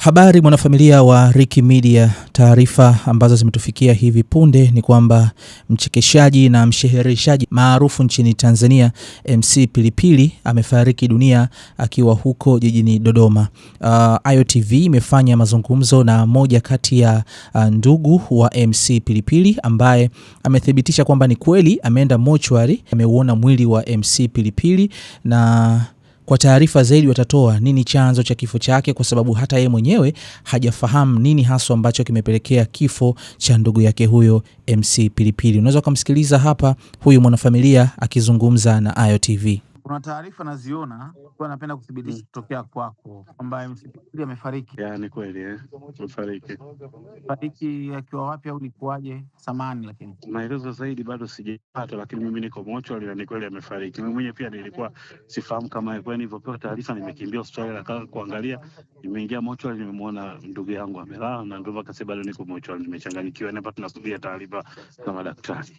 Habari mwanafamilia wa Ricky Media, taarifa ambazo zimetufikia hivi punde ni kwamba mchekeshaji na mshehereshaji maarufu nchini Tanzania MC Pilipili amefariki dunia akiwa huko jijini Dodoma. Uh, ah, IOTV imefanya mazungumzo na moja kati ya ah, ndugu wa MC Pilipili ambaye amethibitisha kwamba ni kweli ameenda mochwari, ameuona mwili wa MC Pilipili na kwa taarifa zaidi watatoa nini chanzo cha kifo chake, kwa sababu hata yeye mwenyewe hajafahamu nini haswa ambacho kimepelekea kifo cha ndugu yake huyo MC Pilipili. Unaweza ukamsikiliza hapa huyu mwanafamilia akizungumza na iotv kuna taarifa naziona kuwa napenda kuthibitisha mm. kutokea kwako kwamba MCP amefariki. Ya, ni kweli eh, amefariki. Fariki akiwa wapi au likuwaje? Samani, lakini maelezo zaidi bado sijapata, lakini mimi niko mocho na ni kweli amefariki. Mimi mwenyewe pia nilikuwa sifahamu kama ilikuwa nilivyopewa taarifa, nimekimbia hospitali na kuangalia, nimeingia mochwari, nimemwona ndugu yangu amelala, na ndio mpaka sasa bado niko mochwari, nimechanganyikiwa. Hapa tunasubia taarifa za madaktari.